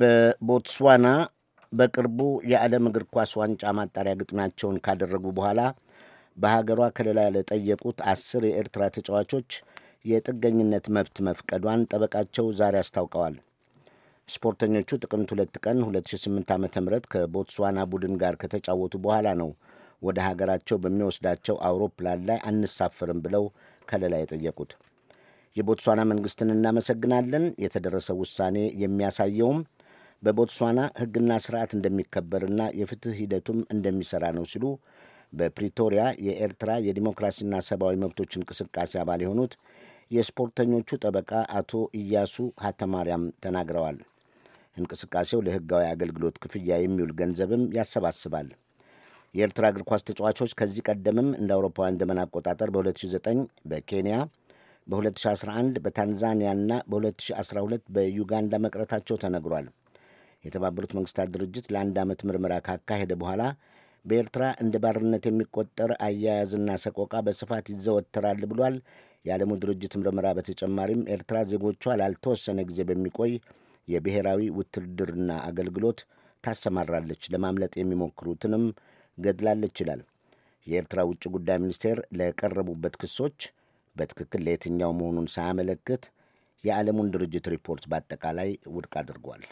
በቦትስዋና በቅርቡ የዓለም እግር ኳስ ዋንጫ ማጣሪያ ግጥሚያቸውን ካደረጉ በኋላ በሀገሯ ከለላ ለጠየቁት አስር የኤርትራ ተጫዋቾች የጥገኝነት መብት መፍቀዷን ጠበቃቸው ዛሬ አስታውቀዋል። ስፖርተኞቹ ጥቅምት ሁለት ቀን 2008 ዓ ም ከቦትስዋና ቡድን ጋር ከተጫወቱ በኋላ ነው ወደ ሀገራቸው በሚወስዳቸው አውሮፕላን ላይ አንሳፈርም ብለው ከለላ የጠየቁት። የቦትስዋና መንግሥትን እናመሰግናለን። የተደረሰው ውሳኔ የሚያሳየውም በቦትስዋና ሕግና ስርዓት እንደሚከበርና የፍትህ ሂደቱም እንደሚሰራ ነው ሲሉ በፕሪቶሪያ የኤርትራ የዲሞክራሲና ሰብአዊ መብቶች እንቅስቃሴ አባል የሆኑት የስፖርተኞቹ ጠበቃ አቶ ኢያሱ ሀተማርያም ተናግረዋል። እንቅስቃሴው ለሕጋዊ አገልግሎት ክፍያ የሚውል ገንዘብም ያሰባስባል። የኤርትራ እግር ኳስ ተጫዋቾች ከዚህ ቀደምም እንደ አውሮፓውያን ዘመን አቆጣጠር በ2009 በኬንያ በ2011 በታንዛኒያና በ2012 በዩጋንዳ መቅረታቸው ተነግሯል። የተባበሩት መንግስታት ድርጅት ለአንድ ዓመት ምርመራ ካካሄደ በኋላ በኤርትራ እንደ ባርነት የሚቆጠር አያያዝና ሰቆቃ በስፋት ይዘወተራል ብሏል። የዓለሙ ድርጅት ምርመራ በተጨማሪም ኤርትራ ዜጎቿ ላልተወሰነ ጊዜ በሚቆይ የብሔራዊ ውትድርና አገልግሎት ታሰማራለች፣ ለማምለጥ የሚሞክሩትንም ገድላለች ይላል። የኤርትራ ውጭ ጉዳይ ሚኒስቴር ለቀረቡበት ክሶች በትክክል ለየትኛው መሆኑን ሳያመለክት የዓለሙን ድርጅት ሪፖርት በአጠቃላይ ውድቅ አድርጓል።